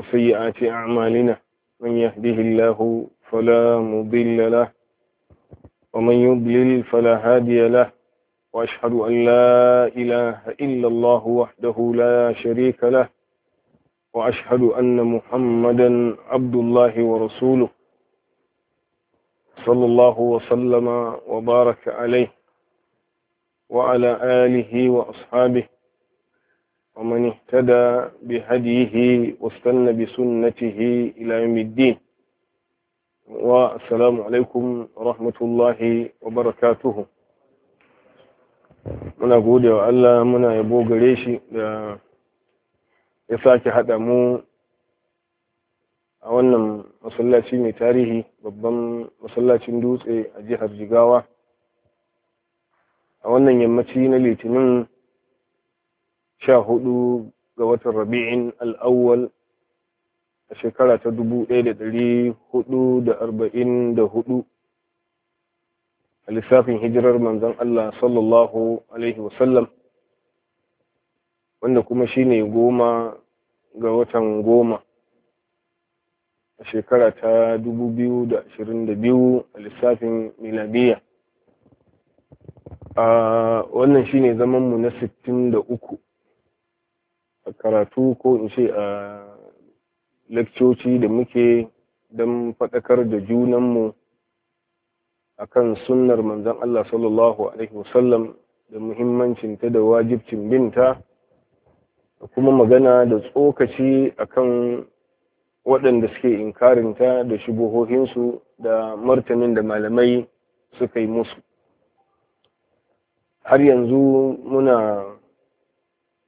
وسيئات أعمالنا من يهده الله فلا مضل له ومن يضلل فلا هادي له وأشهد أن لا إله إلا الله وحده لا شريك له وأشهد أن محمدا عبد الله ورسوله صلى الله وسلم وبارك عليه وعلى آله وأصحابه ومن اهتدى بهديه واستنى بسنته إلى يوم الدين والسلام عليكم ورحمة الله وبركاته muna gode wa Allah muna yabo gare shi da ya sake haɗa mu a wannan masallaci mai tarihi babban masallacin dutse a jihar jigawa a wannan yammaci na litinin sha hudu ga watan rabi'in al'awwal a shekara ta dubu ɗaya da ɗari hudu da arba'in da hudu a lissafin hijirar manzon Allah sallallahu alaihi wasallam wanda kuma shine goma ga watan goma a shekara ta dubu biyu da ashirin da biyu a lissafin miladiya a wannan shine zamanmu na sittin da uku karatu ko in ce a lekcoci da muke don faɗakar da junanmu a kan sunnar manzan Allah sallallahu Alaihi wasallam da muhimmancinta da wajibcin binta da kuma magana da tsokaci a kan waɗanda suke inkarinta da shubuhohinsu da martanin da malamai suka yi musu har yanzu muna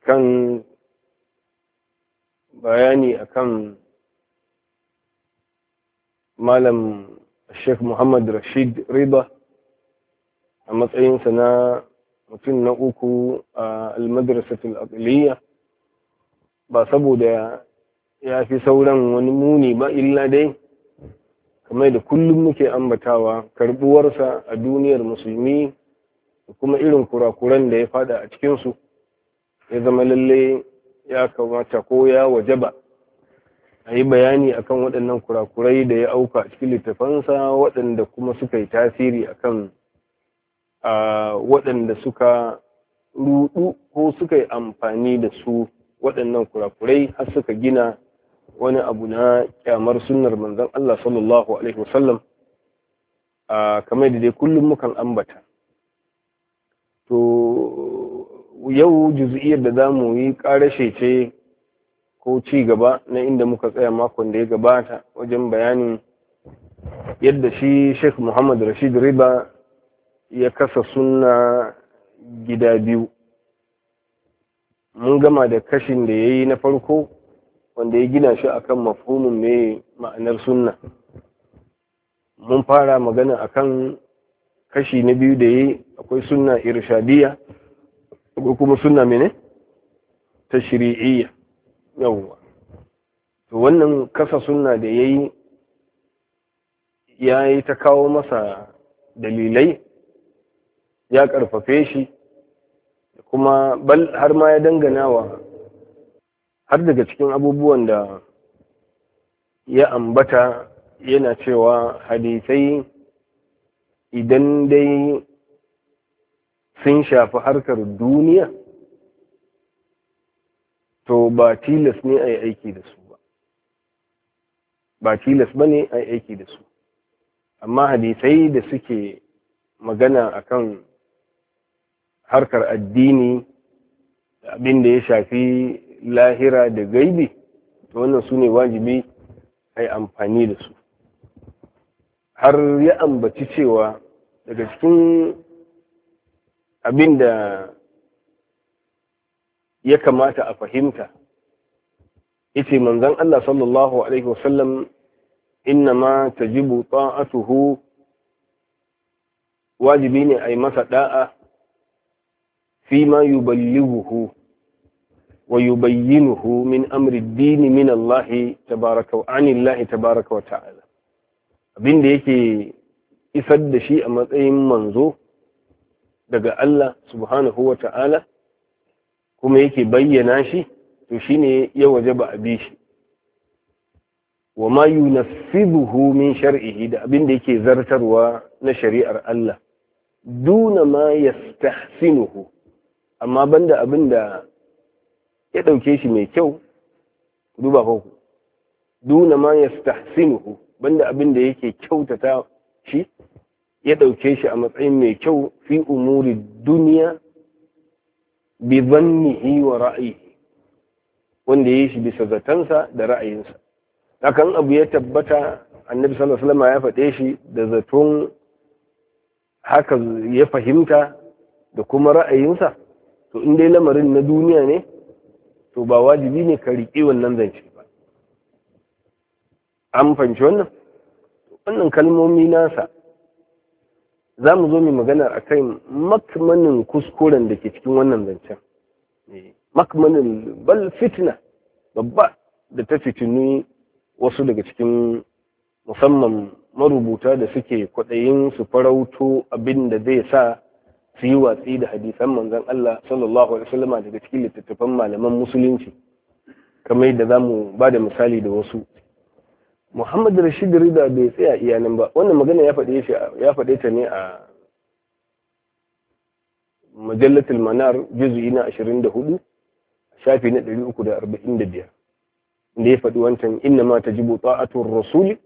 kan bayani akan malam Sheikh Muhammad Rashid Riba a matsayinsa na mutum na uku a almadrasatul aqliya ba saboda ya fi sauran wani muni ba illa dai kamar da kullum muke ambatawa karbuwarsa a duniyar musulmi da kuma irin kurakuran da ya fada a cikinsu ya zama lalle ya kamata ko ya wajaba a yi bayani akan waɗannan kurakurai da ya auka a cikin littafansa waɗanda kuma suka yi tasiri akan waɗanda suka rudu ko suka yi amfani da su waɗannan kurakurai har suka gina wani abu na kyamar sunnar manzon Allah sallallahu alaihi wasallam kamar da dai kullum mukan ambata to yau juz'iyar da za mu yi ƙarashe ce ko ci gaba na inda muka tsaya makon da ya gabata wajen bayanin yadda shi sheikh muhammad rashid riba ya kasa suna gida biyu mun gama da kashin da ya yi na farko wanda ya gina shi akan mafhumin mai ma'anar sunna mun fara magana akan kashi na biyu da ya yi akwai sunna irshadiyya kuma suna mene ta shiri'iyya yawwa to wannan kasa suna da yayi yi ta kawo masa dalilai ya karfafe shi kuma bal har ma ya danganawa har daga cikin abubuwan da ya ambata yana cewa hadisai idan dai sun shafi harkar duniya to ba tilas ne a yi aiki da su ba ba tilas ba ne a yi aiki da su amma hadisai da suke magana akan harkar addini abin da ya shafi lahira da gaibi to wannan su ne wajibi a yi amfani da su har ya ambaci cewa daga cikin abin da ya kamata a fahimta yace manzon Allah sallallahu alaihi wasallam innama tajibu ta'atuhu wajibi ne a yi masa da'a fi ma yuballighuhu wa yubayyinuhu min amri dini min Allah tabaraka wa tabaraka wa ta'ala abinda yake isar da shi a matsayin manzo daga Allah subhanahu wa ta'ala kuma yake bayyana shi to shi ne ya waje ba a bi shi wa ma yunaffiduhu min shar'ihi da abin da yake zartarwa na shari'ar Allah duna ma yastahsinuhu amma banda abin da ya ɗauke shi mai kyau duba ku duna ma yastahsinuhu banda abin da yake kyautata shi ya ɗauke shi a matsayin mai kyau fi umuri duniya bi zannihi wa ra'ayi wanda ya yi shi bisa zatansa da ra'ayinsa hakan abu ya tabbata annabi sallallahu alaihi ya faɗe shi da zaton haka ya fahimta da kuma ra'ayinsa to in dai lamarin na duniya ne to ba wajibi ne ka riƙe wannan zance ba an fanci wannan wannan kalmomi nasa za mu zo mai magana a kan makmanin kuskuren da ke cikin wannan zancen eh. makmanin bal fitina babba da ta fitini wasu daga cikin musamman marubuta da suke kwaɗayin su farauto abin da zai sa su yi watsi da hadisan manzon Allah sallallahu alaihi wasallama daga cikin littattafan malaman musulunci kamai da za mu ba da misali da wasu Muhammad Rashid Rida bai tsaya iyalin ba wannan magana ya faɗe shi ya faɗe ta ne a majallatul manar juz'i na 24 shafi na 345 inda ya faɗi wancan inna ma tajibu ta'atur rasul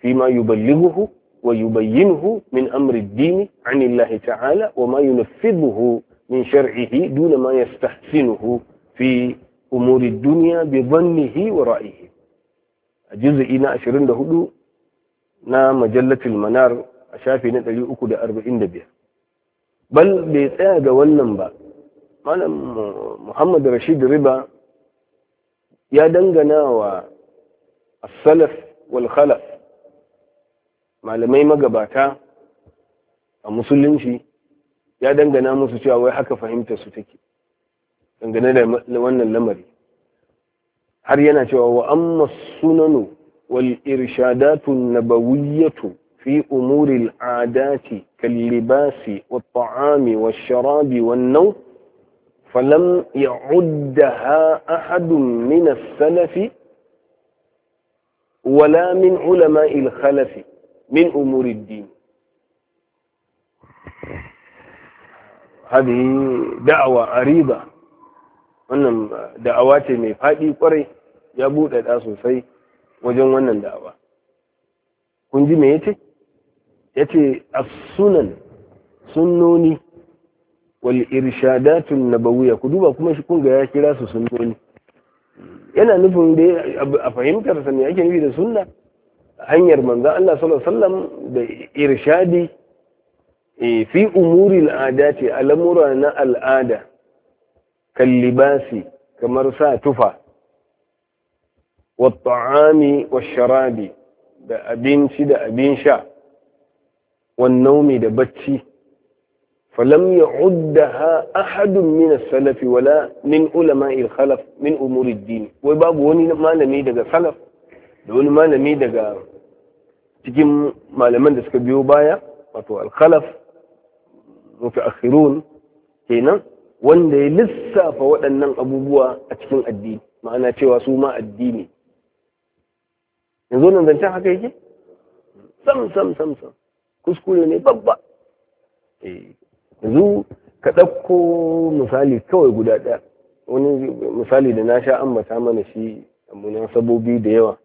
fi ma yuballighuhu wa yubayyinuhu min amri ad-din 'an Allah ta'ala wa ma yunaffidhuhu min shar'ihi duna ma yastahsinuhu fi umuri ad-dunya bi dhannihi wa ra'yihi a juz'i na 24 na majallatul manar a shafi na 345 bal bai tsaya ga wannan ba malam muhammad rashid riba ya dangana wa as-salaf wal khalaf malamai magabata a musulunci ya dangana musu cewa wai haka fahimtar su take dangane da wannan lamari har yana cewa wa amma sunanu wal irshadatu nabawiyatu fi umuril adati kal libasi wa ta'ami wa sharabi wa nau falam ya'uddaha ahadun min as-salafi ولا من علماء الخلف من أمور الدين هذه دعوة عريضة wannan دعواتي ce mai faɗi ya buɗe ɗa sosai wajen wannan da'awa kun ji me yace yace as-sunan sunnoni wal irshadatun nabawiyya ku duba kuma shi kun ga ya kira su sunnoni yana nufin dai a fahimtar sa ne ake nufi da sunna hanyar manzo Allah sallallahu alaihi wasallam da irshadi eh, fi umuri al'adati al'amura na al'ada libasi kamar sa tufa والطعام والشراب da abinci da abin sha والنوم da bacci فلم يعدها salafi wala min ulama من علماء الخلف من أمور الدين babu wani malami daga salaf da wani malami daga cikin malaman da suka biyo baya wato alkhalaf mutaakhirun kenan wanda ya lissafa waɗannan abubuwa a cikin addini ma'ana cewa su ma addini yanzu nan zancen haka yake sam sam sam sam kuskure ne babba eh, yanzu ka ɗauko misali kawai guda ɗaya wani misali da na sha ambata mana shi a sabobi da yawa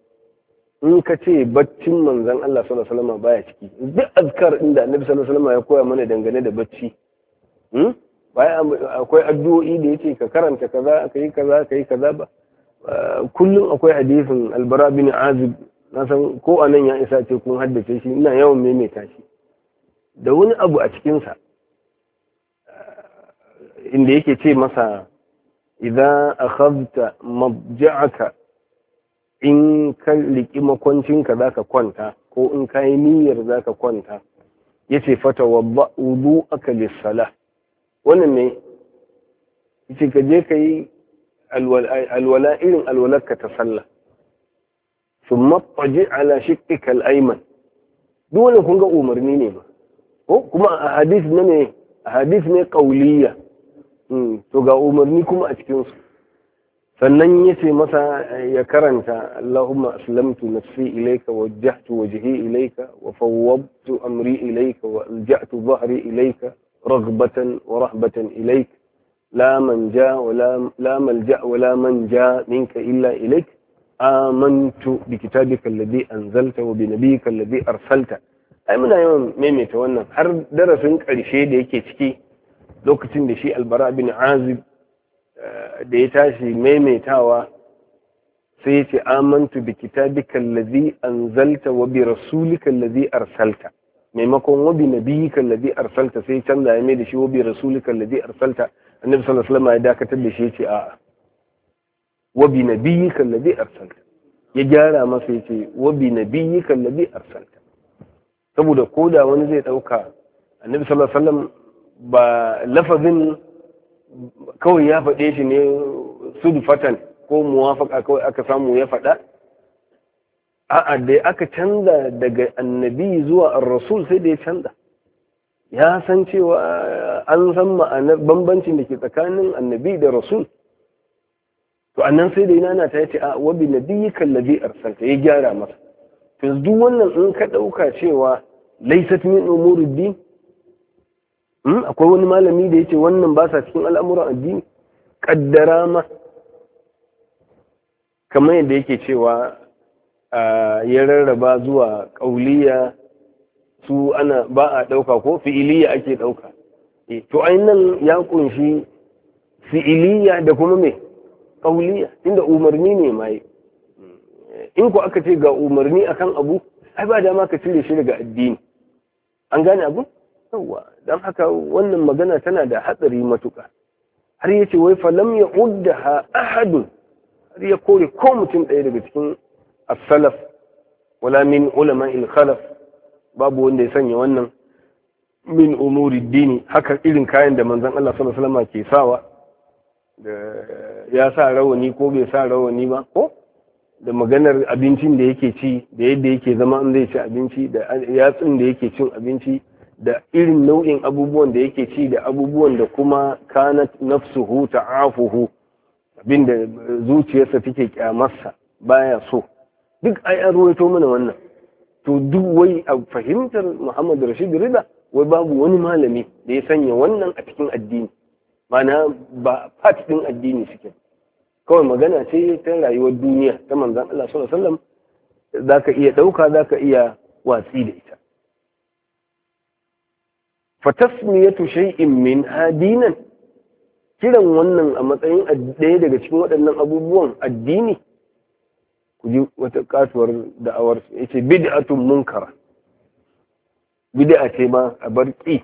in ka ce baccin manzan Allah sallallahu alaihi wasallam baya ciki duk azkar inda annabi sallallahu alaihi wasallam ya koya mana dangane da bacci hmm? bayan akwai addu'o'i da yake ka karanta kaza kai kaza kai kaza ba kullum akwai hadisin albara bin azib na san ko a nan ya isa ce kun haddace shi ina yawan maimaita shi da wani abu a cikinsa eh, inda yake ce masa idan akhadta mabja'aka in ka liki makwancinka ka kwanta ko in ka yi niyyar za ka kwanta ya ce fata wadda wudu aka lissala wannan ne ce ka je ka yi الولاء الولاء كتسلى ثم اضطجع على شقك الايمن دول كونغا عمرني ني او كما احاديث نني احاديث ني قوليه ام تو غا عمرني كما اتكين فنن يتي مسا يا كرنتا اللهم اسلمت نفسي اليك ووجهت وجهي اليك وفوضت امري اليك والجات ظهري اليك رغبه ورهبه اليك لا من wala ولا لا ملجأ ولا من جاء منك إلا anzalta آمنت بكتابك الذي أنزلت وبنبيك الذي ai muna yawan maimaita wannan har darasin ƙarshe da yake ciki lokacin da shi albara bin azib eh, da ya tashi maimaitawa sai ya ce amantu bi kitabika allazi anzalta wa bi rasulika allazi arsalta maimakon wa bi nabiyika allazi arsalta sai canza ya mai da shi wa bi rasulika allazi arsalta annabi sallallahu alaihi wasallam ya dakatar da shi yace a wa bi nabiyyika alladhi arsalta ya gyara masa yace wa bi nabiyyika alladhi arsalta saboda koda wani zai dauka annabi sallallahu alaihi wasallam ba lafazin kawai ya faɗe shi ne fatan ko muwafaka kawai aka samu ya faɗa a'a dai aka canza daga annabi zuwa ar-rasul sai da ya canza ya san cewa eh, an san ma'anar bambancin da ke tsakanin annabi da rasul to annan sai da yana ta yace a wa bi nabiyyika allazi arsalta ya gyara masa to duk wannan in ka ɗauka cewa laisat min umuriddin din hmm, akwai wani malami da yace wannan ba sa cikin al'amuran addini kaddara ma kamar yadda yake cewa eh, ya rarraba zuwa kauliya su ana ba a ɗauka ko fi'iliya ake ɗauka e, to nan ya kunshi fi'iliya da kuma mai ƙauliya inda umarni ne ma in ku aka ce ga umarni akan abu ai ba dama ka cire shi daga addini an gane abu yawwa don haka wannan magana tana da hatsari matuka har yace wai falam ya ha ahadun har ya kore ko mutum ɗaya daga cikin as-salaf wala min ulama il-khalaf babu wanda ya sanya wannan min umuri dini haka irin kayan da manzan Allah sallallahu alaihi wasallam ke sawa da ya sa rawani ko bai sa rawani ba ko da maganar abincin da yake ci da yadda yake zama in zai ci abinci da yatsun da yake cin abinci da irin nau'in abubuwan da yake ci da abubuwan da kuma kana nafsuhu ta'afuhu abinda zuciyarsa take kyamarsa baya so duk ai an ruwaito mana wannan to duk wai a fahimtar Muhammadu Rashid Riba, wai babu wani malami da ya sanya wannan a cikin addini mana ba part din addini suke kawai magana ce ta rayuwar duniya ta manzan Allah sallallahu alaihi wasallam zaka iya dauka zaka iya watsi da ita fatasmiyatu shay'in min hadinan kiran wannan a matsayin ɗaya daga cikin waɗannan abubuwan addini ku ji wata kasuwar da'awar ya ce bid'atun munkara bid'a ce ma a bar ƙi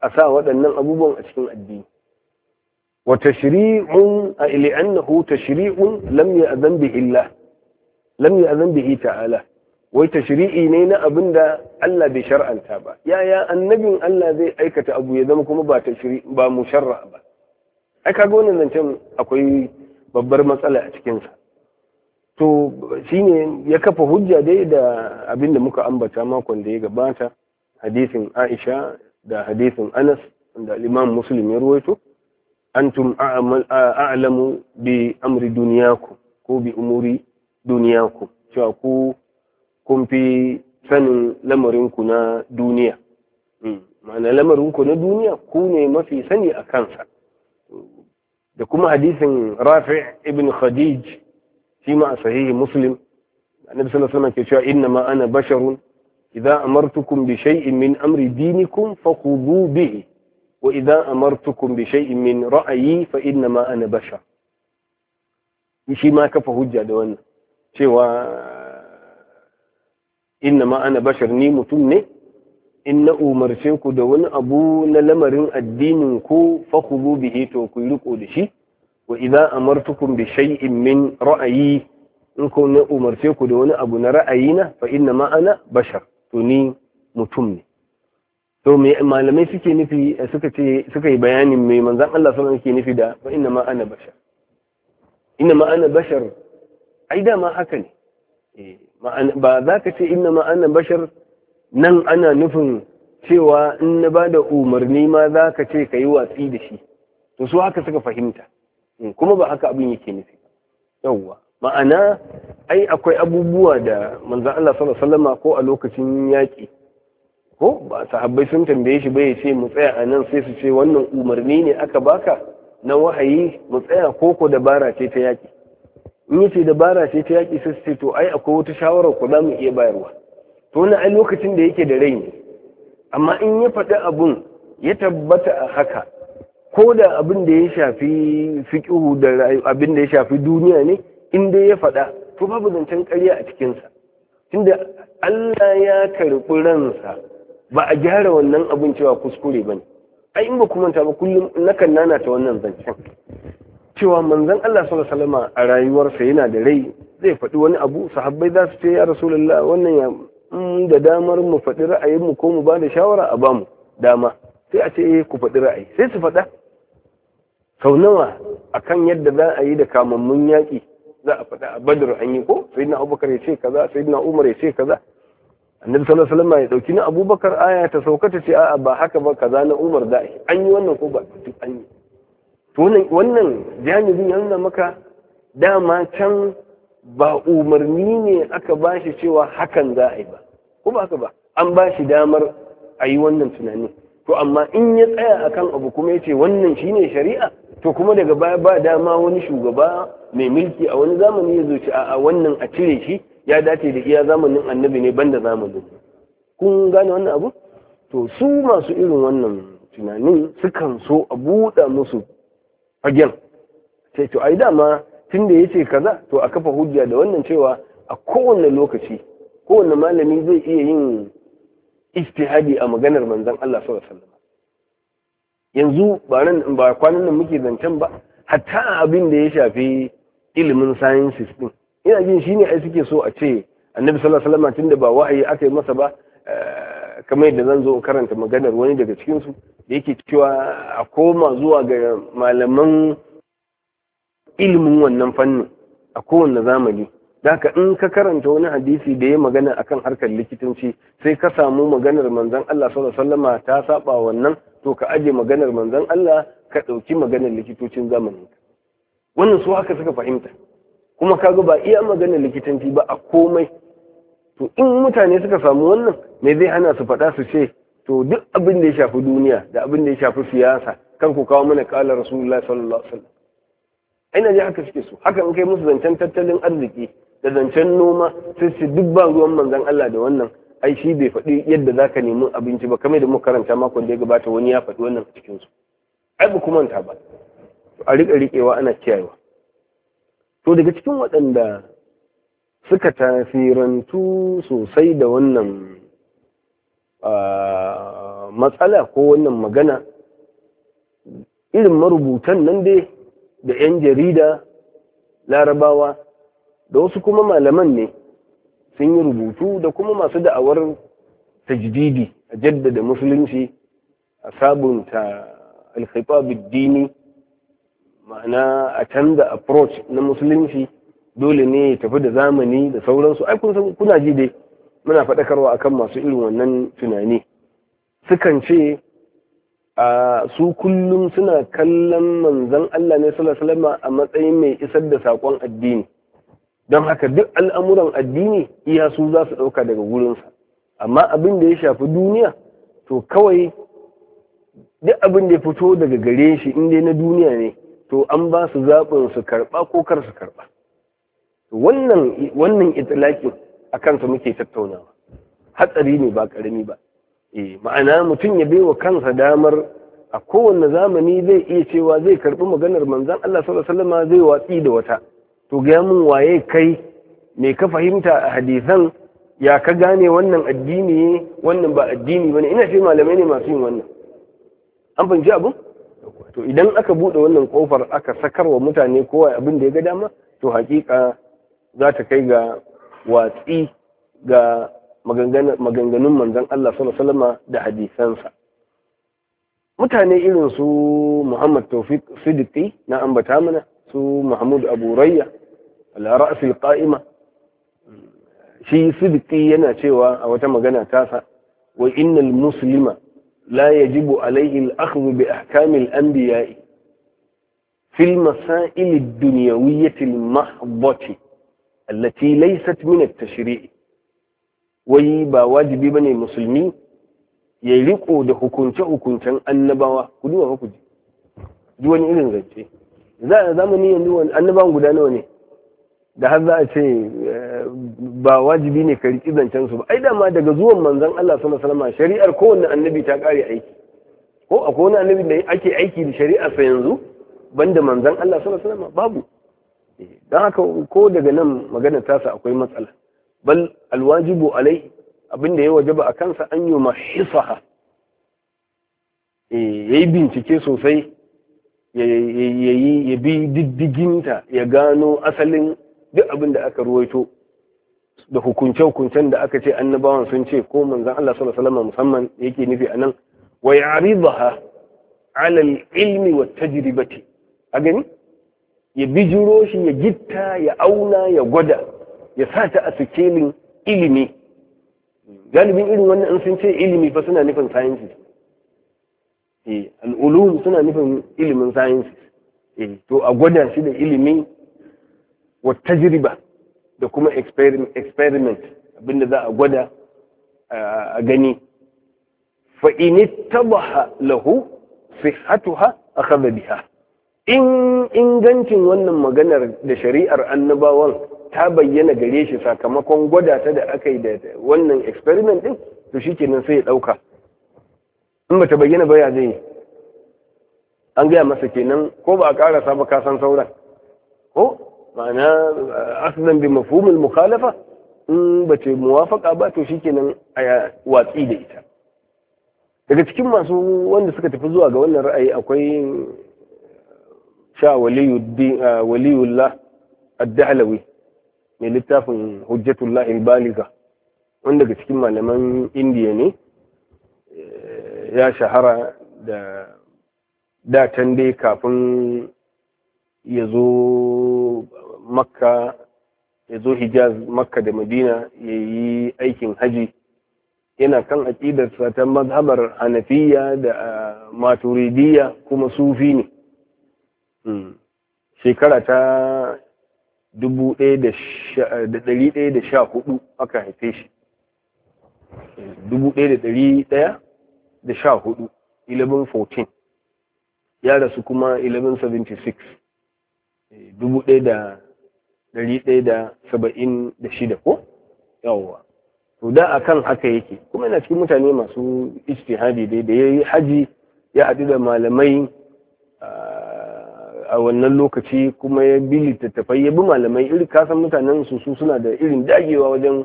a sa waɗannan abubuwan a cikin addini wa tashri'un a ili'annahu tashri'un lam ya'zan bihi Allah lam bihi ta'ala wai tashri'i ne na abin da Allah bai shar'anta ba yaya annabin Allah zai aikata abu ya zama kuma ba tashri ba musharra ba ai kaga wannan zancen akwai babbar matsala a cikin sa to shi ne ya kafa hujja dai da abin da muka ambata makon da ya gabata hadisin aisha da hadisin anas da imam muslim ya ruwaito antum a'lamu bi amri duniyaku ko bi umuri duniyaku cewa ku kun fi sanin lamarinku na duniya hmm, ma'ana lamarinku na duniya ku ne mafi sani a kansa da kuma hadisin rafi ibn khadij shi ma a sahihi muslim annabi sallallahu alaihi wasallam ke cewa inna ma ana basharun idza amartukum bi shay'in min amri dinikum fakhudhu bihi wa idza amartukum bi shay'in min ra'yi fa inna ma ana bashar shi ma kafa hujja da wannan cewa inna ma ana bashar ni mutum ne in na umarce ku da wani abu na lamarin addinin ku fakhudhu bihi to ku riko da shi wa idza amartukum bi shay'in min ra'ayi in kun na umarce ku da wani abu na ra'ayina fa inna ma ana bashar to ni mutum ne to me malamai suke nufi suka ce suka yi bayanin me manzon Allah sallallahu alaihi nufi da fa inna ma ana bashar inna ma ana bashar ai da ma haka ne ba za ka ce inna ma ana bashar nan ana nufin cewa in na ba da umarni ma za ka ce ka yi watsi da shi to su haka suka fahimta Mm, kuma ba haka abin yake nufi yawwa ma'ana ai akwai abubuwa da manzan Allah sallallahu ko a lokacin yaƙi ko ba sahabbai sun tambaye shi bai ce mu tsaya a nan sai su ce wannan umarni ne aka baka na wahayi mu tsaya koko dabara ce ta yaƙi in yace dabara ce ta yaƙi sai su ce to ai akwai wata shawarar ku za mu iya bayarwa to na ai lokacin da yake da rai ne amma in ya faɗi abun ya tabbata a haka ko da abin da ya shafi fiƙihu da abin da ya shafi duniya ne in dai ya faɗa to babu zancen ƙarya a cikinsa tunda Allah ya karɓi ransa ba a gyara wannan abin cewa kuskure ba ne ai in ba kuma ta ba kullum nakan nana ta wannan zancen cewa manzon Allah sallallahu alaihi a rayuwarsa yana da rai zai faɗi wani abu sahabbai za su ce ya rasulullah wannan ya mm, da damar mu faɗi ra'ayin mu ko mu ba da shawara a bamu dama sai a ce eh, ku faɗi ra'ayi sai su faɗa sau nawa kan yadda za a yi da kamammun yaƙi za a faɗa a badar an yi ko sai na abubakar ya ce kaza sai na umar ya ce kaza annabi sallallahu alaihi wasallam ya dauki na abubakar aya ta sauka ta ce a'a ba haka ba kaza na umar za a yi an yi wannan ko ba duk an yi to wannan janibin ya nuna maka dama can ba umarni ne aka ba shi cewa hakan za a yi ba ko ba haka ba an ba shi damar a yi wannan tunani to amma in ya tsaya akan abu kuma ya ce wannan shine shari'a to kuma daga baya ba dama wani shugaba mai mulki a wani zamani ya zo shi a wannan a cire shi ya dace da iya zamanin annabi ne banda zamanin kun gane wannan abu to su masu irin wannan tunanin sukan so a buɗa musu fagen sai to ai dama tun da ya ce kaza to a kafa hujja da wannan cewa a kowane lokaci kowane malami zai iya yin istihadi a maganar manzon Allah sallallahu alaihi wasallam yanzu ba kwanan nan muke zancen ba hatta abin da ya shafi ilimin sciences din ina jin shine ai suke so a ce annabi sallallahu alaihi wasallam tunda ba wahayi aka yi masa ba eh, kamar yadda zan zo karanta maganar wani daga cikin su da yake cewa a koma zuwa ga malaman ilimin wannan fannin a kowanne zamani Daka in ka karanta wani hadisi da ya magana akan harkar likitanci sai ka samu maganar manzon Allah sallallahu alaihi wasallama ta saba wannan to ka ajiye maganar manzan Allah ka ɗauki maganar likitocin zamanin wannan su haka suka fahimta kuma kaga ba iya maganar likitanci ba a komai to in mutane suka samu wannan me zai hana su faɗa su ce to duk abin da ya shafi duniya da abin da ya shafi siyasa kan ku kawo mana kala rasulullahi sallallahu alaihi wasallam aina ji haka suke so haka in kai musu zancen tattalin arziki da zancen noma sai su duk ba ruwan manzan Allah da wannan ai shi bai faɗi yadda za ka nemi abinci ba kamar da muka karanta makon da ya gabata wani ya faɗi wannan cikinsu. cikinsu ai ba kuma manta ba a riƙa riƙewa ana kiyayewa to daga cikin waɗanda suka tasirantu sosai da wannan matsala ko wannan magana irin marubutan nan dai da 'yan jarida larabawa da wasu kuma malaman ne sun yi rubutu da kuma masu da'awar tajdidi a jaddada musulunci a sabunta alkhaifa dini ma'ana a canza approach na musulunci dole ne ya tafi da zamani da sauransu ai kuna ji dai muna faɗakarwa akan masu irin wannan tunani sukan ce a su kullum suna kallon manzon Allah ne sallallahu alaihi a matsayin mai isar da saƙon addini don haka duk al'amuran addini iya su za su ɗauka daga wurinsa amma abin da ya shafi duniya to kawai duk abin da ya fito daga gare shi inda na duniya ne to an ba su zaɓin su karɓa ko kar su karɓa wannan wannan itilakin a kansa muke tattaunawa hatsari ne ba ƙarami ba eh, ma'ana mutum ya baiwa kansa damar a kowane zamani zai iya cewa zai karɓi maganar manzan Allah sallallahu alaihi wasallam zai watsi da wata to gaya mun waye kai me ka fahimta a hadisan ya ka gane wannan addini ne wannan ba addini bane ina ce malamai ne masu yin wannan an fahimci abu? to idan aka bude wannan kofar aka sakar wa mutane kowa abin da ya ga dama to hakika za ta kai ga watsi ga maganganun manzon Allah sallallahu alaihi da hadisansa mutane irin su Muhammad Tawfiq Siddiqi na ambata mana su Mahmud Abu Rayya راس القائمة شيء صدقينا شيء وتم جنا كافة وإن المسلم لا يجب عليه الأخذ بأحكام الأنبياء في المسائل الدنيوية المحضة التي ليست من التشريع وي بواجب بني المسلمين يلقوا ده حكمت حكمت النبوة كدوا حكمت دواني إلن غيرت ذا زمني أنه النبوة قدانوني da har za a ce eh, ba wajibi ne ka riƙi zancen su ba ai da ma daga zuwan manzon Allah sallallahu salama shari'ar kowanne annabi ta ƙare aiki ko akwai wani annabi da ake aiki da shari'ar sa yanzu banda manzon Allah sallallahu salama babu eh, don haka ko daga nan magana tasa akwai matsala bal alwajibu alai abinda ya wajaba a kansa an yi hisaha eh, ya yi bincike sosai ya bi diddiginta ya gano asalin duk abin da aka ruwaito da hukunce-hukuncen da aka ce annabawan sun ce ko manzan Allah sallallahu alaihi musamman yake nufi a nan wa ya'ridaha ala ilmi wa tajribati a gani ya bijiro shi ya gitta ya auna ya gwada ya sa ta a sikelin ilimi galibin irin wannan in sun ce ilimi fa suna nufin sciences eh al'ulum suna nufin ilimin sciences eh to a gwada shi da ilimi watajiriba jirba da kuma experiment abinda za a gwada a gani fa in tabaha lahu a akhadha biha in ingancin wannan maganar da shari'ar annabawan ta bayyana gare shi sakamakon gwada ta da aka yi da wannan experiment ɗin, to shi nan sai ya ɗauka. in ba ta bayyana ba ya zai an gaya masa kenan ko ba a ƙara ba kasan sauran ko ma'ana asalin bi mafumin mukhalafa in bace muwafaka ba to shikenan a watsi da ita daga cikin masu wanda suka tafi zuwa ga wannan ra'ayi akwai sha ah, waliyullah ad mai littafin hujjatullah al-baliga wanda daga cikin malaman indiya ne eh, ya shahara da datan dai kafin ya zo makka ya zo hijaz makka da madina ya yi aikin haji yana kan aƙidarsa ta mazhabar hanafiya da ah, maturidiyya kuma sufi ne hmm. shekara ta 1114 ah, aka haife shi 1114 1114 ya rasu kuma 1176 eh, da. ɗari ɗaya da saba'in da shida ko yawwa to da akan haka yake kuma yana cikin mutane masu istihadi dai da ya yi haji ya haɗu da malamai a wannan lokaci kuma ya bi littattafai ya bi malamai Irin kasan mutanen su su suna da irin dagewa wajen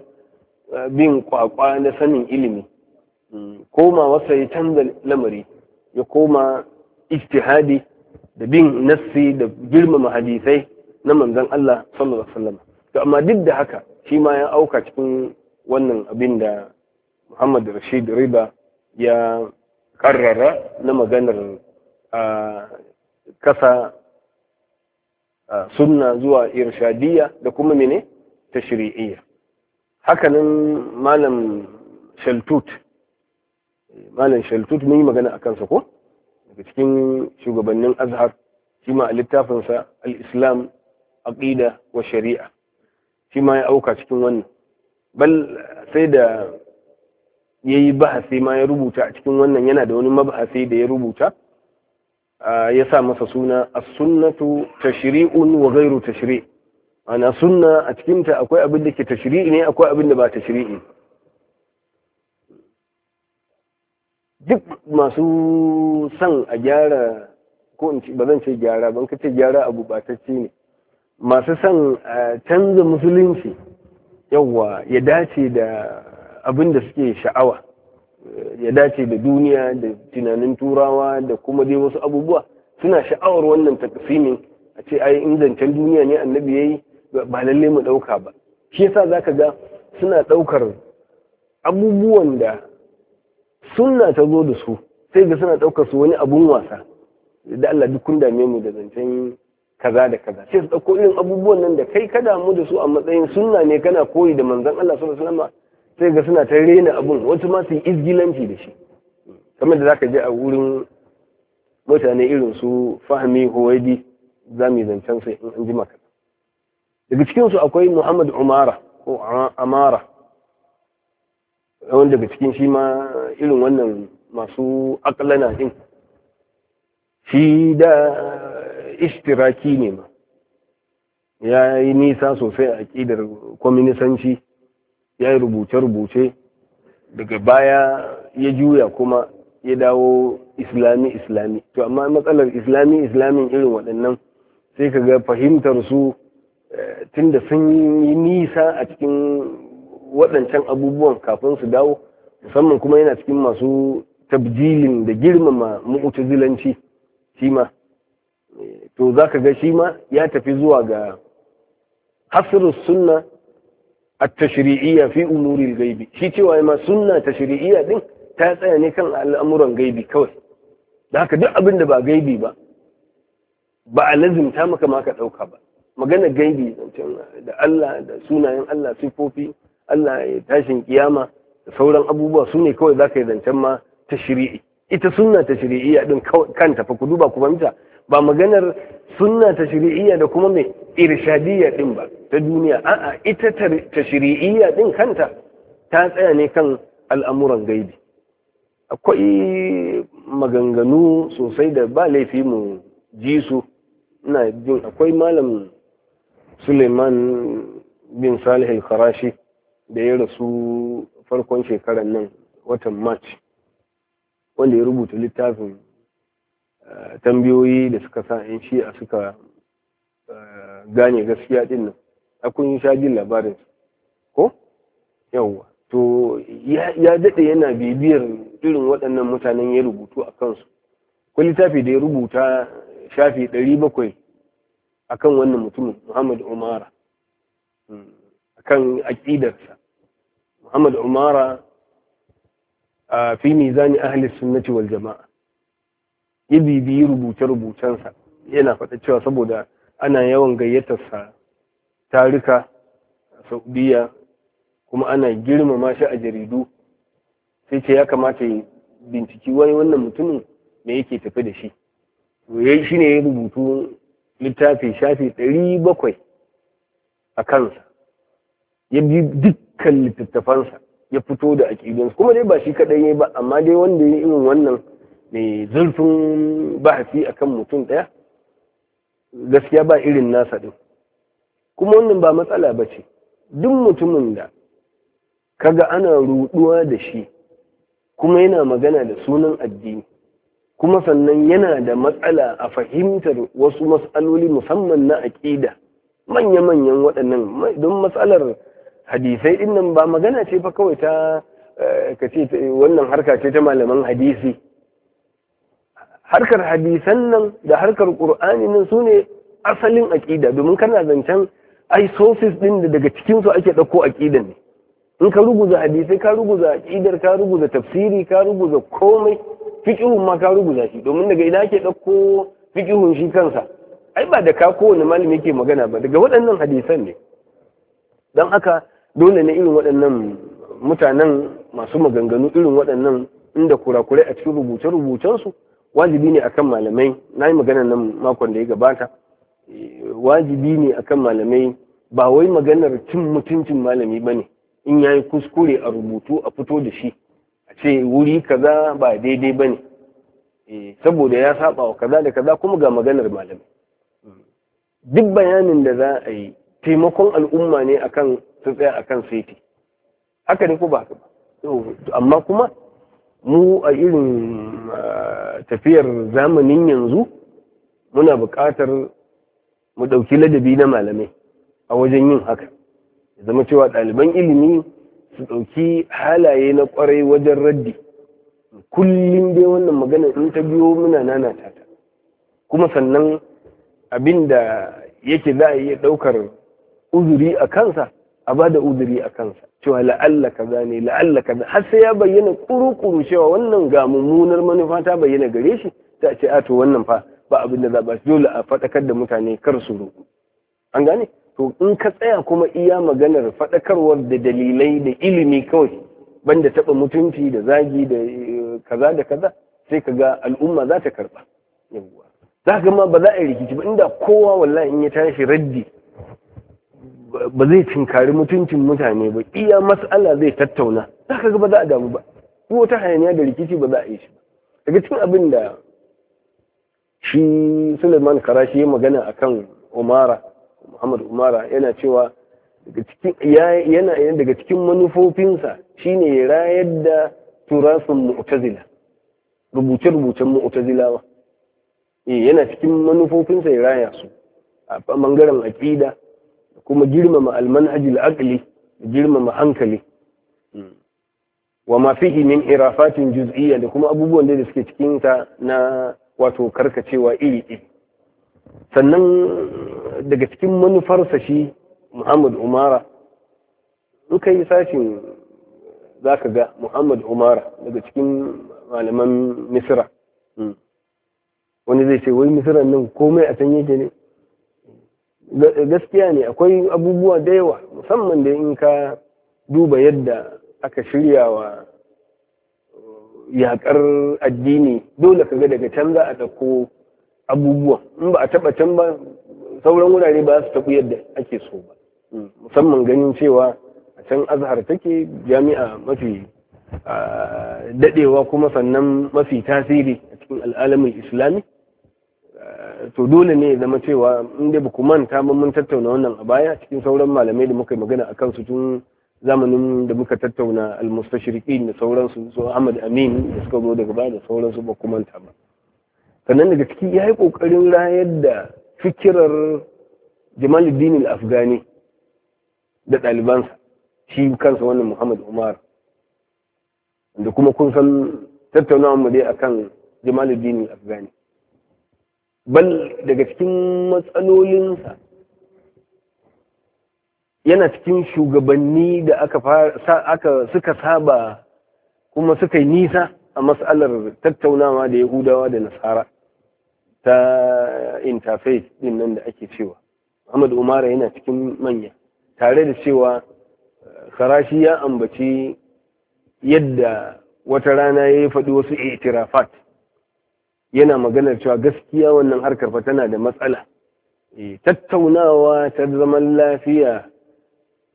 bin kwakwa na sanin ilimi hmm, koma wasa ya canza lamari ya koma istihadi da bin nassi da girmama hadisai na manzon Allah sallallahu alaihi wasallam to amma duk da haka shi ma ya auka cikin wannan abin da Muhammad Rashid Riba ya karrara na maganar kasa sunna zuwa irshadiyya da kuma mene tashri'iyya hakanan malam shaltut malam shaltut mun yi magana a kansa ko daga cikin shugabannin azhar shi ma a littafinsa al-islam aqida wa shari'a shi ma ya auka cikin wannan bal sai da ya yi bahasi ma ya rubuta a cikin wannan yana da wani mabahasi da ya rubuta ya sa masa suna as-sunnatu tashri'un wa ghairu tashri' ana sunna a cikin ta akwai abin da ke tashri'i ne akwai abin da ba tashri'i duk masu son a gyara ko in ba zan ce gyara ban kace gyara abu batacce ne masu son eh, canza musulunci yawwa ya dace da abin da suke sha'awa eh, ya dace da duniya da tunanin turawa da kuma dai wasu abubuwa suna sha'awar wannan takasimin a ce ai in zancen duniya ne annabi yayi ba lalle mu ɗauka ba shi yasa ka ga suna daukar abubuwan da suna ta zo da su sai ga suna ɗaukar su wani abun wasa da Allah duk kun dame mu da zancen kaza da kaza sai su ɗauko irin abubuwan nan da kai ka damu da su a matsayin sunna ne kana koyi da manzon Allah sallallahu alaihi wasallam sai ga suna ta rena abun wasu ma su izgilanci da shi kamar da zaka je a wurin mutane irin su fahmi huwaidi zami zancan sai in an ji daga cikin su akwai Muhammad Umara ko Amara wanda daga cikin shi ma irin wannan masu akalana din shi da ishtiraki ne ma ya yi nisa sosai a ƙidar kwaminisanci ya yi rubuce-rubuce daga baya ya juya kuma ya dawo islami islami to amma matsalar islami islamin irin waɗannan sai ka ga fahimtar su eh, tun da sun yi nisa a cikin waɗancan abubuwan kafin su dawo musamman kuma yana cikin masu tabjilin da girmama mu'tazilanci shi ma to za ka ga shi ma ya tafi zuwa ga hasrus sunna a tashri'iyya fi gaibi shi cewa ma sunna tashiri'iyya din ta tsaya ne kan al'amuran gaibi kawai da haka duk abin da ba gaibi ba ba a lazimta maka ma ka ɗauka ba magana gaibi da Allah da sunayen Allah sifofi Allah ya tashin kiyama da sauran abubuwa su ne kawai za ka yi zancen ma tashiri'i. ita sunna ta shari'iyya din kanta fa ku duba ku fahimta ba maganar sunna ta shari'iyya da kuma mai irshadiyya din ba ta duniya a'a ita ta shari'iyya din kanta ta tsaya ne kan al'amuran gaibi akwai maganganu sosai da ba laifi mu ji su ina jin akwai malam suleiman bin salih al-kharashi da ya rasu farkon shekarar nan watan march wanda ya rubuta littafin eh, tambayoyi da suka sa yan A suka eh, gane gaskiya din nan kun yi shajin labarin ko yawwa to ya daɗe yana bibiyar irin waɗannan mutanen ya rubutu a kansu ko littafi da ya rubuta shafi ɗari bakwai a kan wannan mutumin muhammad umara hmm, a kan aƙidarsa muhammad umara a fi mizani ahli sunnati wal jama'a ya bibiyi rubuce-rubucensa yana faɗa cewa saboda ana yawan gayyatar sa tarika a saudiya kuma ana girmama shi a jaridu sai ce ya kamata ya binciki wani wannan mutumin me yake tafi da shi ya shi ne ya rubutu littafi shafi ɗari bakwai a kansa ya bi dukkan littattafansa ya fito da aƙidansu. kuma dai ba shi kaɗai ya ba amma dai wanda ya irin wannan mai zurfin bahasi a kan mutum ɗaya gaskiya ba irin nasa ɗin kuma wannan ba matsala ba ce duk mutumin da kaga ana ruɗuwa da shi kuma yana magana da sunan addini kuma sannan yana da matsala a fahimtar wasu matsaloli musamman na aƙida manya-manyan waɗannan don matsalar hadisai din nan ba magana ce fa kawai ta eh, ka ce wannan harka ce ta malaman hadisi harkar hadisan nan da harkar qur'ani nan su ne asalin aƙida domin kana zancen ai sources din da daga cikin su ake dauko aƙida ne in ka ruguza hadisai ka ruguza aƙidar ka ruguza tafsiri ka ruguza komai fiƙihun ma ka ruguza shi domin daga ina ake dauko fiƙihun shi kansa ai ba da ka kowane malami yake magana ba daga waɗannan hadisan ne don haka dole ne irin waɗannan mutanen masu maganganu irin waɗannan inda kurakurai a cikin rubuce-rubucensu wajibi ne akan malamai na yi magana nan makon da ya gabata wajibi ne akan malamai ba wai maganar cin mutuncin malami ba ne in ya yi kuskure a rubutu a fito da shi a ce wuri kaza ba daidai ba ne eh, saboda ya saba wa kaza da kaza kuma ga maganar malami duk bayanin da za a yi taimakon al'umma ne akan sun tsaya kan saiti haka ne ko ba ka ba amma kuma mu a irin tafiyar zamanin yanzu muna buƙatar mu ɗauki ladabi na malamai a wajen yin haka zama cewa ɗaliban ilimi su ɗauki halaye na ƙwarai wajen raddi kullum dai wannan magana in ta biyo muna nanata ta kuma sannan abin da yake za a iya ɗaukar uzuri a kansa a ba da udiri a kansa cewa la'alla kaza ne la'alla kaza har sai ya bayyana kuru cewa wannan ga mummunar manufa ta bayyana gare shi ta ce a to wannan fa ba abin da za ba dole a faɗakar da mutane kar su ruku an gane to in ka tsaya kuma iya maganar faɗakarwar da dalilai da ilimi kawai banda taɓa mutunci da zagi da eh, kaza da kaza sai ka ga al'umma za ta karɓa yawwa za ka ma ba za a yi rikici ba inda kowa wallahi in ya tashi raddi ba zai cinkari mutuncin mutane ba iya matsala zai tattauna za ka ga ba za a damu ba ko ta hayaniya da rikici ba za a yi shi daga cikin abin da shi Suleiman Karashi ya magana a kan Umara Muhammad Umara yana cewa daga cikin yana daga cikin manufofinsa shine ya rayar da turasun mu'tazila rubuce-rubucen mu'tazilawa eh, yana cikin manufofinsa ya raya su a bangaren aƙida. kuma girmama almanhaji al'aqli girmama hankali wa ma fihi min irafatin juz'iyya da kuma abubuwan da suke cikin ta na wato karkacewa iri sannan daga cikin manufarsa shi Muhammad Umara in kai sashin zaka ga Muhammad Umara daga cikin malaman Misra hmm. wani zai ce wai Misra nan komai a can yake ne gaskiya ne akwai abubuwa da yawa musamman da in ka duba yadda aka shirya wa yakar addini dole ka ga daga can za a ɗauko abubuwa in ba a taɓa can ba sauran wurare ba su tafi yadda ake so ba musamman ganin cewa a can azhar take jami'a mafi daɗewa kuma sannan mafi tasiri a cikin al'alamin islami to dole ne ya zama cewa in dai ku manta ba mun tattauna wannan a baya cikin sauran malamai da muka yi magana a kansu tun zamanin da muka tattauna almustashiriki da sauransu su Ahmad Amin da suka zo daga baya da sauransu ba ku manta ba sannan daga ciki ya yi ƙoƙarin rayar da fikirar Jamaluddin al-Afghani da ɗalibansa shi kansa wannan Muhammad Umar da kuma kun san tattaunawa mu dai akan Jamaluddin al-Afghani bal daga cikin matsalolinsa yana cikin shugabanni da aka suka saba kuma suka yi nisa a matsalar tattaunawa da yahudawa da nasara ta interface din nan da ake cewa Ahmad Umara yana cikin manya tare da cewa eh, Karashi ya ambaci yadda wata rana ya yi faɗi wasu itirafat yana maganar cewa gaskiya wannan harkar fa tana da matsala eh, tattaunawa ta zaman lafiya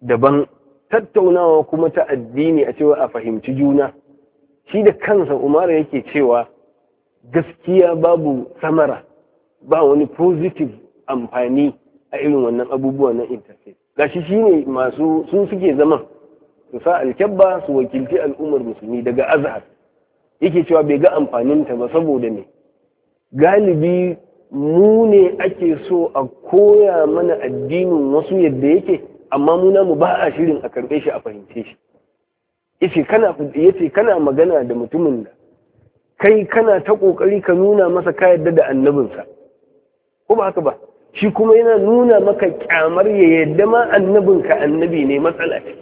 daban tattaunawa kuma ta addini a cewa a fahimci juna shi da kansa umara yake cewa gaskiya babu samara ba wani positive amfani a irin wannan abubuwa na interface gashi shi ne masu sun suke zama su sa alkyabba su wakilci al'ummar musulmi daga azhar yake cewa bai ga amfaninta ba saboda ne galibi mu ne ake so a koya mana addinin wasu yadda yake amma muna mu ba a shirin a karɓe shi a fahimce shi yace kana yace kana magana da mutumin da kai kana ta kokari ka nuna masa ka yadda da annabinsa ko ba haka ba shi kuma yana nuna maka kyamar ya yadda ma annabinka annabi ne matsala ce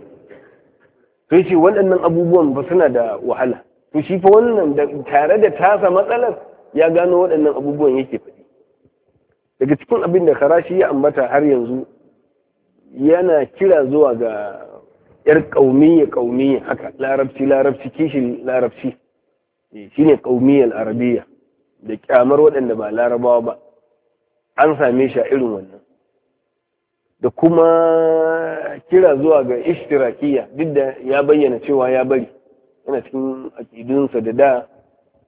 to yace waɗannan abubuwan ba suna da wahala to shi fa wannan tare da tasa matsalar ya gano waɗannan abubuwan yake faɗi daga cikin abin da karashi ya ambata har yanzu yana kira zuwa ga yar ƙaumiyya ƙaumiyya haka larabci larabci kishin larabci eh, shine ƙaumiyyar arabiya da kyamar waɗanda ba larabawa ba an same shi a irin wannan da kuma kira zuwa ga ishtirakiya duk da ya bayyana cewa ya bari yana cikin aƙidunsa da da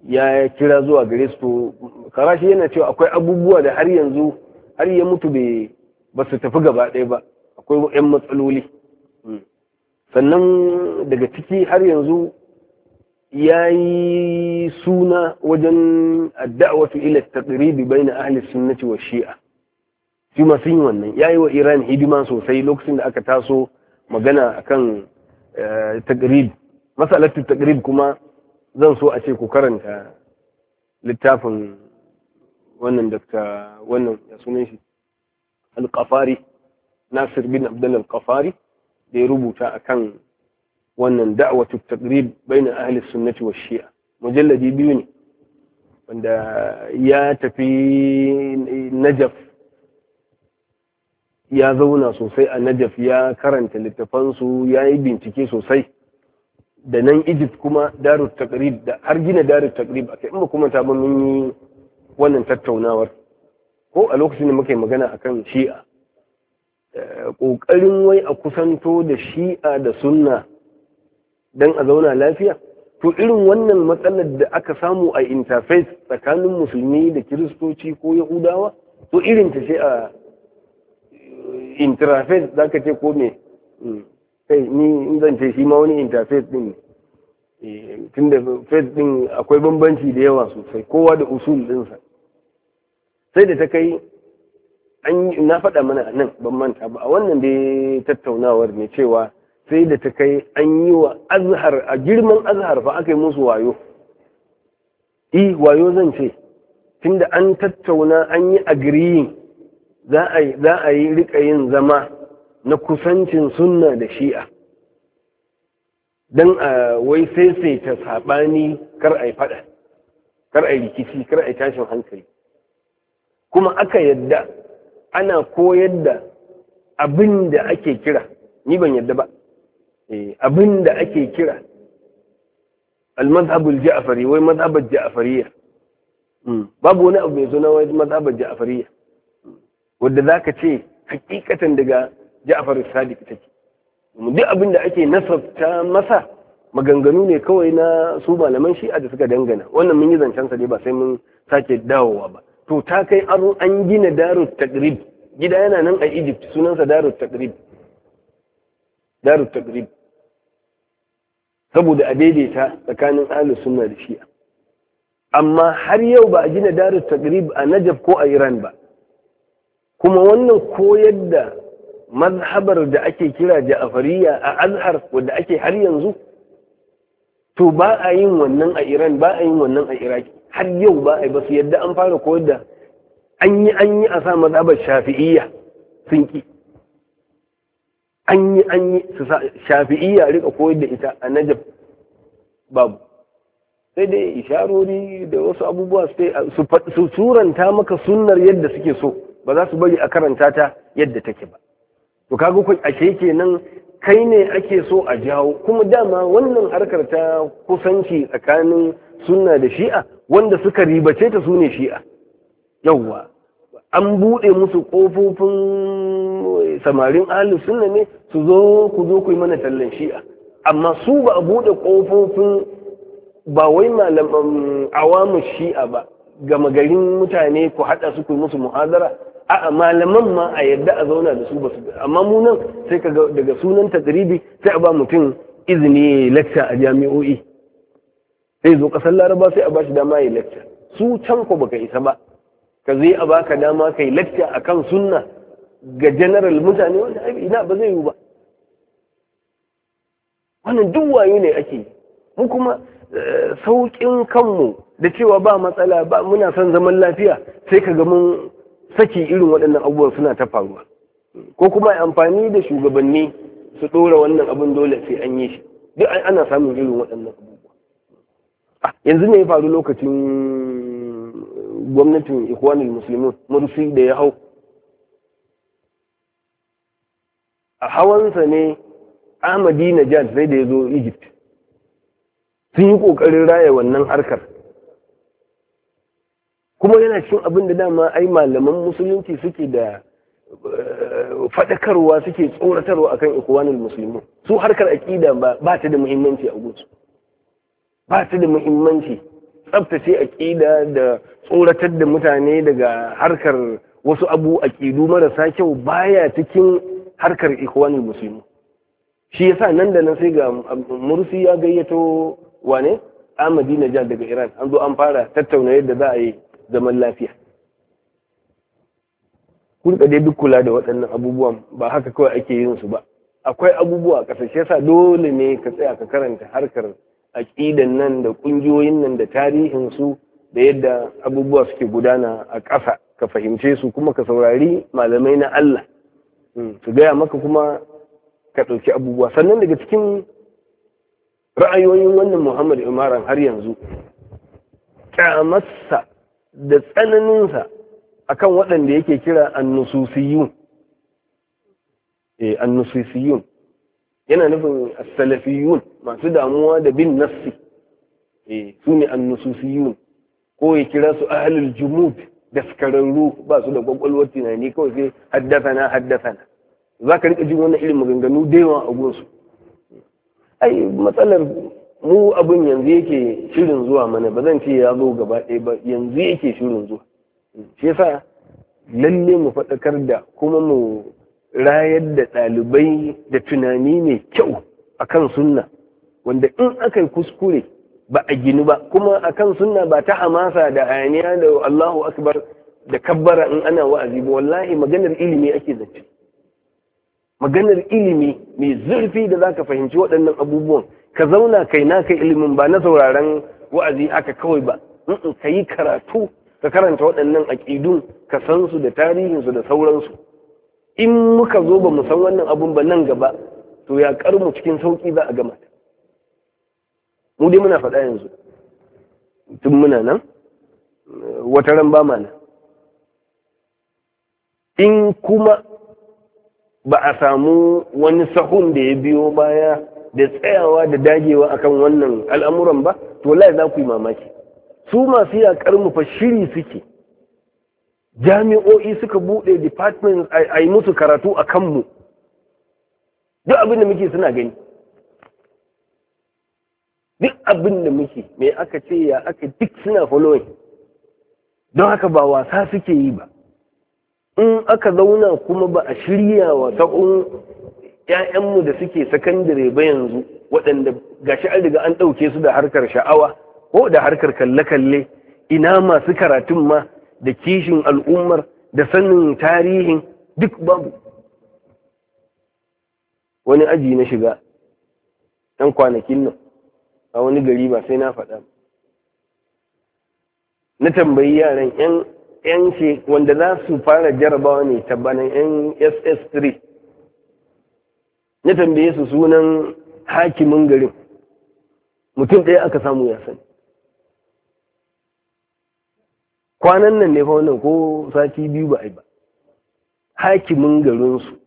ya kira zuwa gare su karashi yana cewa akwai abubuwa da har yanzu har ya mutu bai ba su tafi gaba ɗaya ba akwai 'yan matsaloli hmm. sannan daga ciki har yanzu ya yi suna wajen adda'awatu ila taqribi baina ahli sunnati wa shi'a shi ma sun yi wannan ya yi wa Iran hidima sosai lokacin da aka taso magana akan eh, taqrib masalatu taqrib kuma zan so a ce ku karanta littafin wannan dakta wannan ya sunan shi alƙafari nasir bin abdul alƙafari da ya rubuta akan wannan da'awa taqrib bainan ahli sunnati wa shi'a mujalladi biyu ne wanda ya tafi najaf ya zauna sosai a najaf ya karanta littafansu ya yi bincike sosai da nan Egypt kuma daru takrib da har gina Darut Taqrib a in ba kuma ta ba mun yi wannan tattaunawar ko a lokacin da muka yi magana akan Shi'a eh, ƙoƙarin wai a kusanto da Shi'a da Sunna dan a zauna lafiya to irin wannan matsalar da aka samu a interface tsakanin musulmi da kiristoci ko yahudawa to irin ta ce a eh, interface zaka ce ko me hmm. kai ni in zan ce shi ma wani interface din ne eh, tun da face din akwai bambanci da yawa sosai kowa da usul dinsa sai da ta kai an na faɗa mana nan ban manta ba a wannan dai tattaunawar ne cewa sai da ta kai an yi wa azhar a girman azhar fa aka yi musu wayo i wayo zan ce tunda an tattauna an yi agreeing za a yi rika yin zama na kusancin sunna da shi'a don a ah, wai saisaita saɓani kar a yi faɗa kar a yi rikici kar a yi tashin hankali kuma aka yadda ana koyar da abin da ake kira ni ban yadda ba eh, abin da ake kira almazhabul mazhabul ja'fari wai mazhabar ja'fariyya hmm, babu wani abu mai zo na wai mazhabar ja'fariyya hmm, wanda zaka ce hakikatan daga ja'far sadiq take duk abin da ake nasabta masa maganganu ne kawai na su malaman shi'a da suka dangana wannan mun yi zancen sa ne ba sai mun sake dawowa ba to ta kai an gina darut taqrib gida yana nan a Egypt sunansa darut taqrib darut taqrib saboda a daidaita tsakanin ahlus sunna da shi'a amma har yau ba a gina darut taqrib a Najaf ko a Iran ba kuma wannan koyar da mazhabar da ake kira ja'afariya a azhar wadda ake har yanzu to ba a yin wannan a iran ba a yin wannan a iraki har yau ba a yi ba su yadda an fara koyar da an yi an yi a sa mazhabar shafi'iyya sun ki an yi an yi su sa shafi'iyya rika koyar da ita a najab babu sai dai isharori da wasu abubuwa su turanta maka sunnar yadda suke so ba za su bari a karanta ta yadda take ba to kaga ku ake kenan kai ne ake so a jawo kuma dama wannan harkar ta kusanci tsakanin sunna da shi'a wanda suka ribace ta su ne shi'a yauwa an buɗe musu ƙofofin samarin ahli sunna ne su zo ku zo ku yi mana tallan shi'a amma su ba a buɗe ƙofofin ba wai malaman um, awamu shi'a ba gama garin mutane ku haɗa su ku yi musu muhazara A'a malaman ma a yadda a zauna da su ba su amma mu nan sai ka daga sunan takribi sai a ba mutum izini lecture a jami'o'i sai zo kasar laraba sai a ba shi dama ya lecture su can ko baka isa ba ka zai a baka dama kai lecture kan sunna ga general mutane wanda ina ba zai yi ba wannan duk wayo ne ake mu kuma eh, sauƙin kanmu da cewa ba matsala ba muna son zaman lafiya sai ka ga mun saki irin waɗannan abubuwan suna ta faruwa ko kuma amfani da shugabanni su ɗora wannan abin dole sai an yi shi duk ana samun irin waɗannan abubuwa yanzu ne ya faru lokacin gwamnatin ikwanul musulmin mursi da ya hau a hawansa ne ahmadi najad sai da ya zo egypt sun yi ƙoƙarin raya wannan harkar kuma yana cikin abin da dama ai malaman musulunci suke da eh, fadakarwa suke tsoratarwa akan ikwanul musulmi su harkar aƙida ba ta da muhimmanci a gudu ba ta da muhimmanci tsabtace aƙida da tsoratar da mutane daga harkar wasu abu aƙidu marasa kyau baya cikin harkar ikwanul musulmi shi yasa nan da nan sai ga um, mursi ya gayyato wane amadi najad daga iran an zo an fara tattauna yadda za a yi zaman lafiya kun dai duk kula da waɗannan abubuwan ba haka kawai ake yin su ba akwai abubuwa a ƙasashe sa dole ne ka tsaya ka karanta harkar aƙidan nan da ƙungiyoyin nan da tarihin su da yadda abubuwa suke gudana a ƙasa ka fahimce su kuma ka saurari malamai na Allah hmm, su gaya maka kuma ka ɗauki abubuwa sannan daga cikin ra'ayoyin wannan Muhammad Umaran har yanzu ƙyamarsa da tsananinsa kan waɗanda yake kira annususiyun eh annususiyun yana nufin salafiyun masu damuwa da bin nassi eh su ne annususiyun ko ya kira su ahlul jumud daskararru ba su da kwakwalwar tunani kawai sai haddasana haddasana za ka rika jin wannan irin maganganu da yawa a gunsu ai matsalar mu abin yanzu yake shirin zuwa mana ba zan ce ya zo gaba ɗaya ba yanzu yake shirin zuwa shi yasa lalle mu faɗakar da kuma mu rayar da ɗalibai da tunani mai kyau a kan sunna wanda in aka yi kuskure ba a gini ba kuma a kan sunna ba ta amasa da hayaniya da Allahu akbar da kabbara in ana wa'azi ba wallahi maganar ilimi ake zance maganar ilimi mai zurfi da zaka fahimci waɗannan abubuwan ka zauna kai naka ilimin ba na sauraron wa'azi aka kawai ba ka yi karatu ka karanta waɗannan aƙidun ka san su da tarihinsu da sauransu in muka zo ba mu san wannan abun ba nan gaba to ya mu cikin sauƙi za a gama mu dai muna faɗa yanzu tun muna nan wata ran ba mana in kuma ba a samu wani sahun da ya biyo baya da tsayawa da dagewa akan wannan al'amuran ba to lai za ku yi mamaki su masu yakar mu fa shiri suke jami'o'i suka buɗe departments a yi musu karatu a kanmu duk abin da muke suna gani duk abin da muke me aka ce ya aka duk suna following don haka ba wasa suke yi ba in aka zauna kuma ba a shirya wa ta'un ‘ya'yanmu da suke sakandare ba yanzu waɗanda gashi an riga an ɗauke su da harkar sha'awa ko da harkar kalle-kalle ina masu karatun ma da kishin al'ummar da sanin tarihin duk babu wani aji na shiga ɗan kwanakin nan a wani gari ba sai na faɗa na tambayi yaran 'yan wanda za su fara jarabawa ne tabbanan 'yan ss3 ya tambaye su sunan hakimin garin mutum ɗaya aka samu ya sani kwanan nan ne fa wannan ko sati biyu ba a yi ba hakimin garinsu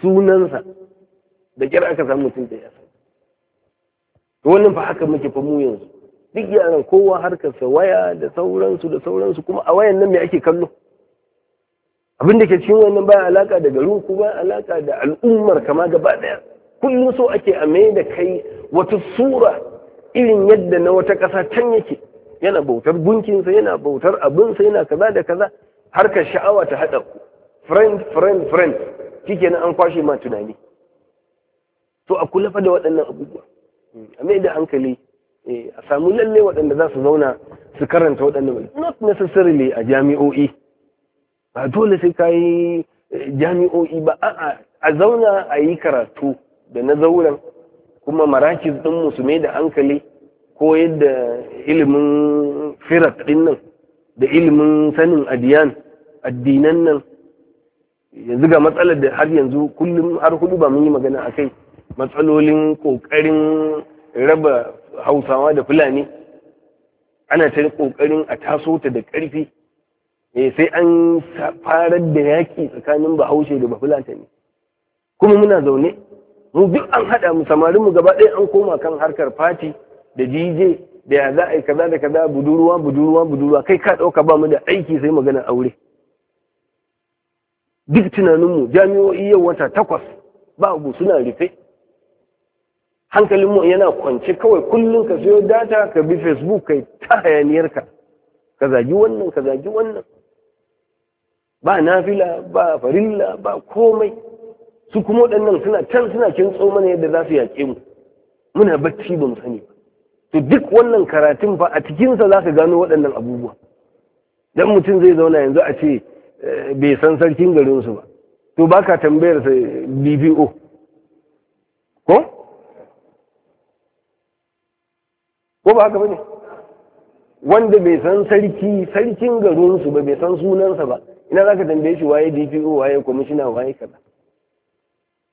sunansa da kira aka samu mutum ɗaya sani wannan fa haka muke fa mu yanzu duk yaran kowa harkarsa waya da sauransu da sauransu kuma a wayan nan me ake kallo abin da ke cikin wannan ba alaka da garin ku ba alaka da al'ummar kama gaba daya kullum so ake a mai da kai wata sura irin yadda na wata ƙasa can yake yana bautar gunkinsa yana bautar abinsa yana kaza da kaza har ka sha'awa ta haɗa ku friend friend friend shikenan an kwashe ma tunani to a kula fa da waɗannan abubuwa a mai da hankali eh, a samu lalle waɗanda za su zauna su karanta waɗannan not necessarily a jami'o'i ba dole sai ka yi eh, jami'o'i ba a'a a zauna a yi karatu da na zauren kuma marakis ɗin musulmai da hankali ko yadda ilimin firat ɗin nan da ilimin sanin adiyan addinan nan yanzu ga matsalar da har yanzu kullum har hudu ba mun yi magana a kai matsalolin ƙoƙarin raba hausawa da fulani ana ta ƙoƙarin a taso ta da ƙarfi me eh, sai an farar da yaƙi tsakanin bahaushe da ne kuma muna zaune mu duk an haɗa mu samarin mu gaba ɗaya an koma kan harkar fati da dj da ya za a yi kaza da kaza budurwa budurwa budurwa kai ka ɗauka ba mu da aiki sai magana aure duk tunaninmu jami'o'i yau wata takwas babu suna rufe hankalinmu yana kwance kawai kullum ka siyo data ka bi facebook kai ta hayaniyarka ka zagi wannan ka zagi wannan ba nafila ba farilla ba komai su kuma waɗannan suna can suna kintso mana yadda za su yaƙe mu muna bacci ba mu sani ba to duk wannan karatun fa a cikinsa za ka gano waɗannan abubuwa dan mutum zai zauna yanzu a ce eh, bai san sarkin garinsu ba to ba ka tambayar sa BBO, ko? ko ba haka bane wanda bai san sarki sarkin garinsu ba bai san sunansa ba ina za ka tambaye shi waye dpo waye kwamishina waye kaza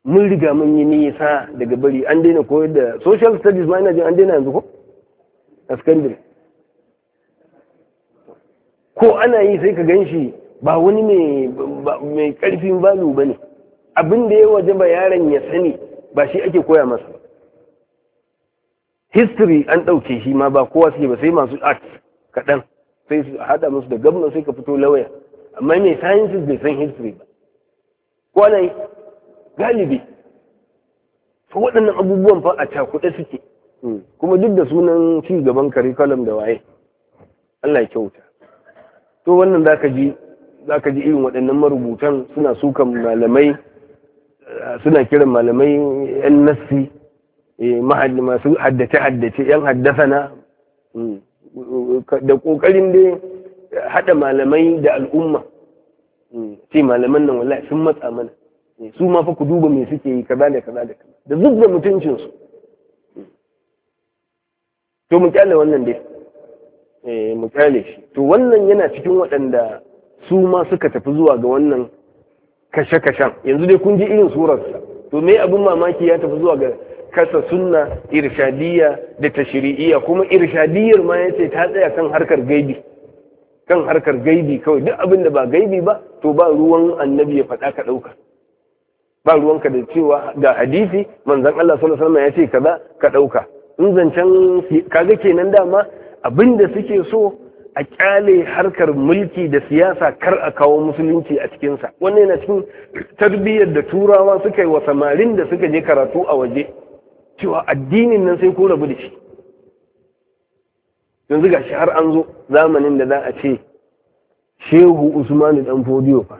mun riga mun yi nisa daga bari an daina koyar da social studies ma ina jin an daina yanzu ko a secondary ko ana yi sai ka gan shi ba wani mai karfin balu ba ne abin da ya waje ba yaron ya sani ba shi ake koya masa history an ɗauke shi ma ba kowa suke ba sai masu art kaɗan sai su haɗa musu da gabna sai ka fito lawyer amma mai sciences bai san history ba ko galibi su waɗannan abubuwan fa a cakuɗe suke hmm. kuma duk da sunan ci gaban curriculum da waye Allah ya kyauta to wannan zaka ji zaka ji irin waɗannan marubutan suna sukan malamai suna kiran malamai yan nassi eh, masu haddace haddace yan haddasa na hmm. da kokarin dai haɗa malamai da al'umma ce hmm. malaman nan wallahi sun matsa mana hmm. su ma fa ku duba me suke yi kaza da kaza da kaza da zubda mutuncin su hmm. to mu kyale wannan dai eh mu kyale shi to wannan yana cikin waɗanda su ma suka tafi zuwa ga wannan kashe-kashen yanzu dai kun ji irin surarsa to me abin mamaki ya tafi zuwa ga kasa sunna irshadiyya da tashri'iyya kuma irshadiyyar ma yace ta tsaya kan harkar gaibi kan harkar gaibi kawai duk abin da ba gaibi ba to ba ruwan annabi ya faɗa ka ɗauka ba ruwanka da cewa ga hadisi manzon Allah sallallahu alaihi wasallam ya ce kaza ka ɗauka in zancen kaga kenan dama abin da suke so a kyale harkar mulki da siyasa kar a kawo musulunci a cikinsa wannan yana cikin tarbiyyar da turawa suka yi wa samarin da suka je karatu a waje cewa addinin nan sai ko rabu da shi yanzu ga shi har an zo zamanin da za a ce shehu usmanu dan fodiyo fa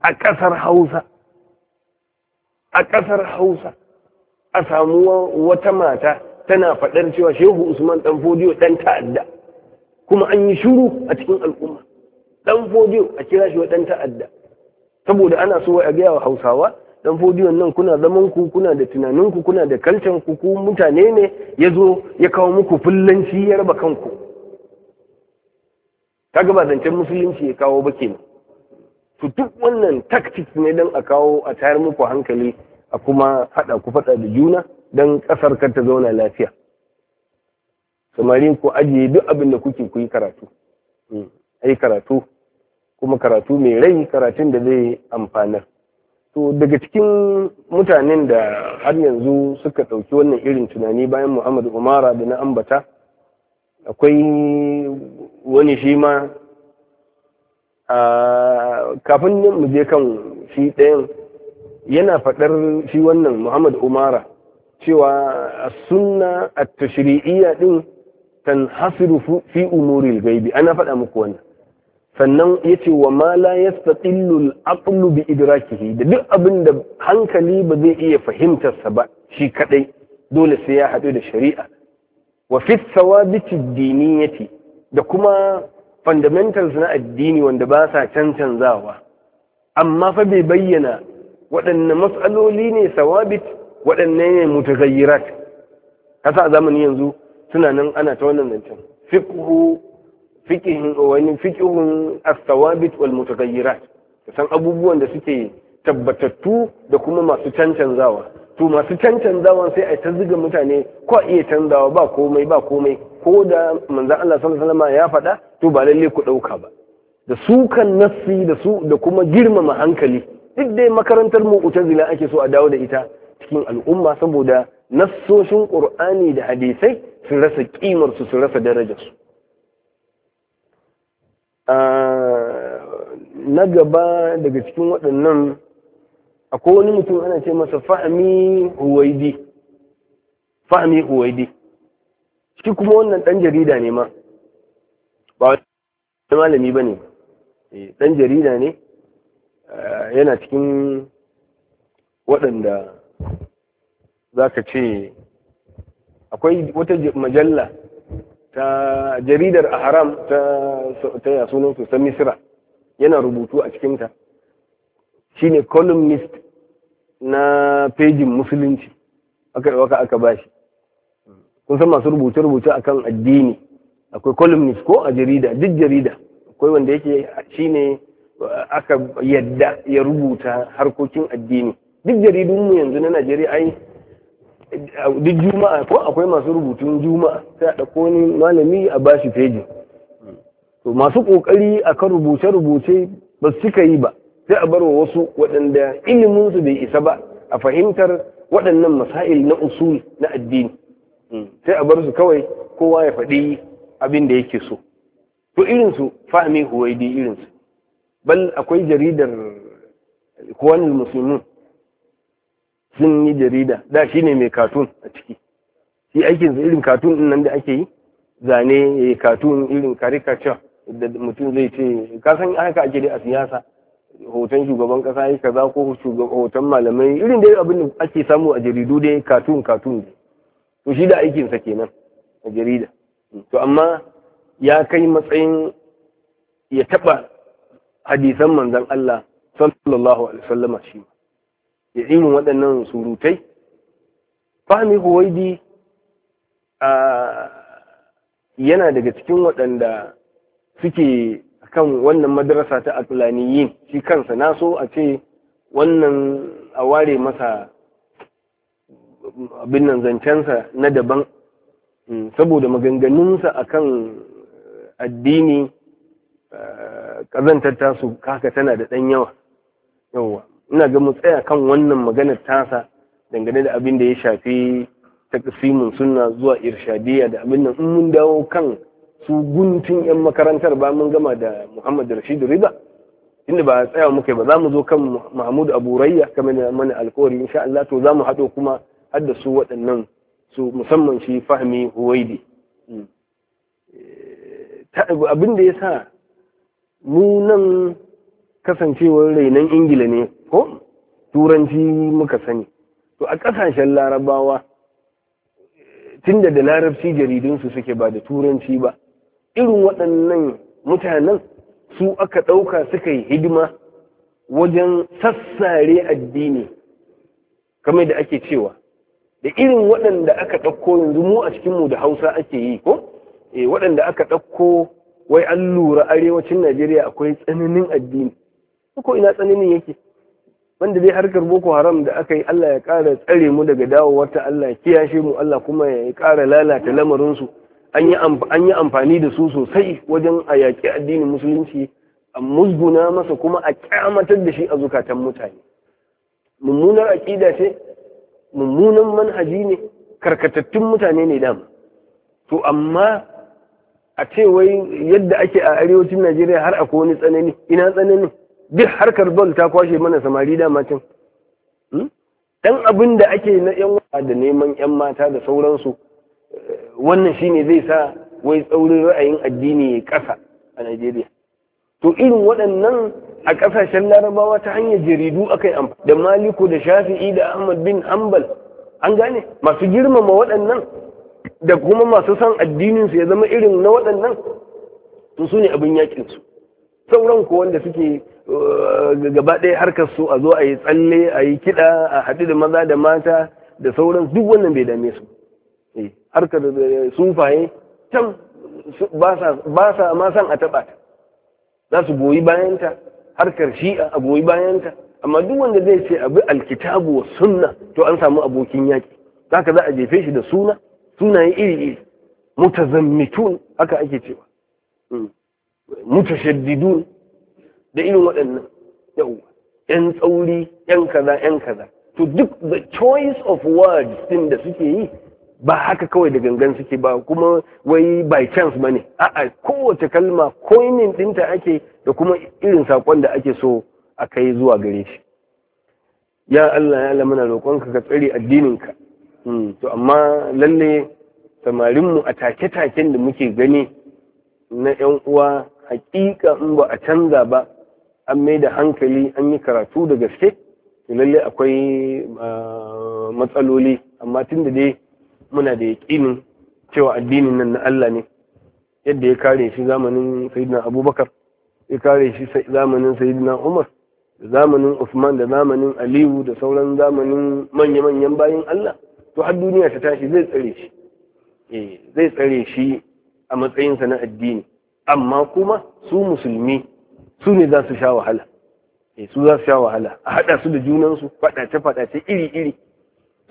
a ƙasar hausa a ƙasar hausa a samu wata mata tana faɗar cewa shehu usman dan fodiyo dan ta'adda kuma an yi shuru a cikin al'umma dan fodiyo a kira shi wa dan ta'adda saboda ana so a gaya hausawa dan fodiyon nan kuna zaman ku kuna da tunanin ku kuna da kalcan ku ku mutane ne ya zo ya kawo muku fullanci ya raba kanku kaga ba zancen musulunci ya kawo ba kenan to duk wannan tactic ne don a kawo a tayar muku hankali a kuma haɗa ku faɗa da juna don ƙasar kar ta zauna lafiya samarin ku ajiye duk abin da kuke ku yi karatu hmm. ai karatu kuma karatu mai rai karatun da zai amfana to daga cikin mutanen da har yanzu suka ɗauki wannan irin tunani bayan muhammad umara da na ambata akwai wani shi ma kafin mu je kan shi ɗayan yana faɗar shi wannan muhammad umara cewa sunna a tashri'iyya ɗin tan hasiru fi umuril gaibi ana faɗa muku wannan sannan yace ce wa ma la yastaqillu al-aqlu bi idrakihi da duk abin da hankali ba zai iya fahimtarsa ba shi kadai dole sai ya haɗu da shari'a wa fi thawabiti diniyati da kuma fundamentals na addini wanda ba sa cancanzawa amma fa bai bayyana waɗanne matsaloli ne sawabit waɗanne ne mutagayyirat kasa a zamani yanzu suna nan ana ta wannan zancen fiqhu fiqhin wani fiqhun as-sawabit wal mutagayyirat san abubuwan da suke tabbatattu da kuma masu cancanzawa to masu cancanzawa sai a ta ziga mutane ko a iya canzawa ba komai ba komai ko da manzan Allah sallallahu ya faɗa to ba lalle ku ɗauka ba da su kan nassi da su da kuma girmama hankali duk dai makarantar mu zina ake so a dawo da ita cikin al'umma saboda nassoshin qur'ani da hadisai su rasa ƙimarsu, su rasa darajarsu. na gaba daga cikin waɗannan akwai wani mutum ana ce masa fahmi huwaidi huwaidi shi kuma wannan ɗan jarida ne ma ba wani malami ba ne eh, ɗan jarida ne eh, yana cikin waɗanda za ka ce akwai wata majalla ta jaridar a haram ta ya sunan su misira yana rubutu a cikinta Shi ne columnist na fejin musulunci aka ɗauka aka bashi kun san masu rubuce-rubuce akan addini akwai columnist ko a jarida duk jarida akwai wanda yake shine uh, aka yadda ya rubuta harkokin addini duk jaridunmu yanzu na najeriya ai uh, duk juma'a ko akwai masu rubutun juma'a sai a ɗauko ni malami a bashi feji to masu ƙoƙari akan rubuce-rubuce ba su cika yi ba sai a barwa wasu waɗanda iliminsu bai isa ba a fahimtar waɗannan masail na usul na addini sai a bar su kawai kowa ya faɗi abin da yake so to irinsu fa'ami irin irinsu bal akwai jaridar ikwanul musulmi sun yi jarida da shi ne mai katun a ciki shi aikinsa irin katun din nan da ake yi zane katun eh, irin caricature da mutum zai ce kasan san haka ake dai a siyasa hoton shugaban kasa yi kaza ko hoton malamai irin dai abin da ake samu a jaridu dai katun katun dai to shi da aikinsa kenan a jarida to amma ya kai matsayin ya taɓa hadisan manzan Allah sallallahu alaihi wasallama shi ya mun waɗannan surutai fahmi huwaidi yana daga cikin waɗanda suke kan wannan madrasa ta atulaniyin shi kansa na so a ce wannan a ware masa abin nan zancensa na daban mm, saboda maganganunsa akan eh, addini eh, ƙazantar tasu kaka tana da ɗan yawa yawa ina ga mu tsaya kan wannan maganar tasa dangane da abin da ya shafi takasimin sunna zuwa irshadiyya da abin nan mun dawo kan su guntun 'yan makarantar ba mun gama da muhammad rashidu riba inda ba tsaya muka ba za mu zo kan mahmud abu rayya kamar da mana alkawari insha Allah to za mu haɗo kuma har su waɗannan su musamman shi fahmi huwaidi mm. eh, abin da ya sa mu nan kasancewar rainon ingila ne ko turanci muka sani to a ƙasashen larabawa tunda da larabci jaridunsu suke ba da turanci ba irin waɗannan mutanen su aka ɗauka suka yi hidima wajen sassare addini kamar da ake cewa da irin waɗanda aka ɗauko yanzu mu a cikinmu da hausa ake yi ko eh, waɗanda aka ɗauko wai an lura arewacin najeriya akwai tsananin addini ko ina tsananin yake wanda dai harkar boko haram da aka yi allah ya ƙara tsare mu daga dawowar ta allah kiyashe mu allah kuma ya ƙara lalata lamarinsu an yi amfani da su sosai wajen a yaƙi addinin musulunci a musguna masa kuma a kyamatar da shi a zukatan mutane mummunar aƙida ce mummunan manhaji ne karkatattun mutane ne dama to amma a ce wai yadda ake a arewacin najeriya har a wani tsanani ina tsanani duk harkar bol ta kwashe mana samari dama can hmm? dan abin da ake na yan wata da neman yan mata da sauransu eh, wannan shine zai sa wai tsaurin ra'ayin addini ya kasa a najeriya to irin waɗannan a ƙasashen larabawa ta hanyar jaridu aka yi amfani da maliku da shafi'i da ahmad bin hanbal an gane masu girmama waɗannan da kuma masu san addininsu ya zama irin na waɗannan to su ne abin yakinsu sauran ko wanda suke uh, gaba ɗaya harkar su a zo a yi tsalle a yi kiɗa a haɗu da maza da mata da sauran duk wannan bai dame su eh, harkar eh, sufaye can ba sa ma san a taɓa ta za su goyi bayanta harkar shi'a a goyi bayanta amma duk wanda zai ce abu alkitabu wa sunna to an samu abokin yaki zaka za a jefe shi da suna sunaye iri iri mutazammitun haka ake cewa mm. mutashaddidun da irin waɗannan yawwa yan tsauri yan kaza yan kaza to duk the choice of words din da suke yi ba haka kawai da gangan suke ba kuma wai by chance ba ne a'a kowace kalma koinin dinta ake da kuma irin saƙon da ake so a kai zuwa gare shi ya Allah ya lamana roƙonka ka tsare addininka hmm, to amma lalle samarinmu a take-taken da muke gani na 'yan uwa hakika in ba a canza ba an mai da hankali an yi karatu da gaske lalle akwai ah, matsaloli amma tun da dai muna da yaƙinin cewa addinin nan na Allah ne yadda ya kare shi zamanin sayidina abubakar ya kare shi zamanin sayidina umar da zamanin usman da zamanin aliyu da sauran zamanin manya-manyan bayan Allah to har duniya ta tashi zai tsare shi eh, zai tsare shi a matsayinsa na addini amma kuma su musulmi su ne za su sha wahala eh, su za su sha wahala a haɗa su da junansu faɗace-faɗace iri-iri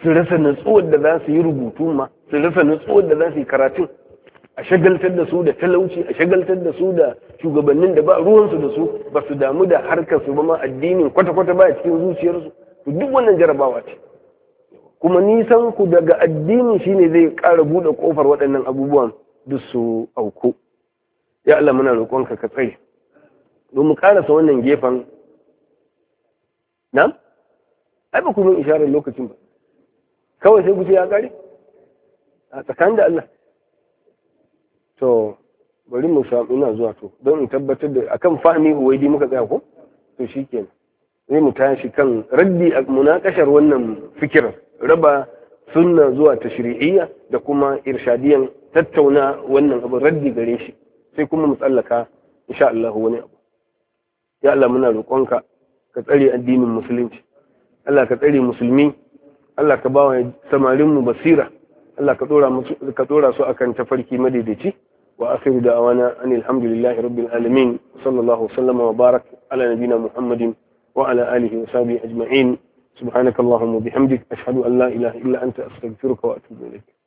su rasa nutsuwar da za su yi rubutu ma su rasa nutsuwar da za su yi karatun a shagaltar da su da talauci a shagaltar da su da shugabannin da ba ruwansu da su ba su damu da harkar su ba ma addinin kwata-kwata ba a cikin zuciyarsu to duk wannan jarabawa ce kuma nisan ku daga addini shine zai ƙara buɗe ƙofar waɗannan abubuwan duk su auku ya Allah muna roƙonka ka tsaye don mu karasa wannan gefen na ai ba ku min isharar lokacin ba kawai sai guje ya kare a tsakanin da Allah to bari mu samu ina zuwa to don in tabbatar da akan fahimi huwaidi muka tsaya ko to shikenan zai mu tashi kan raddi a munakashar wannan fikirar raba sunna zuwa tashri'iyya da kuma irshadiyan tattauna wannan abu raddi gare shi sai kuma mu tsallaka insha Allah wani abu ya Allah muna roƙonka ka tsare addinin musulunci Allah ka tsare musulmi Allah ka ba wa samarinmu basira Allah ka ɗora musu ka dora su akan tafarki madaidaici wa akhiru da'wana anil hamdulillahi rabbil alamin sallallahu sallama wa barak ala nabina muhammadin wa ala alihi wa sahbihi ajma'in subhanakallahumma bihamdik ashhadu an la ilaha illa anta astaghfiruka wa atubu ilayk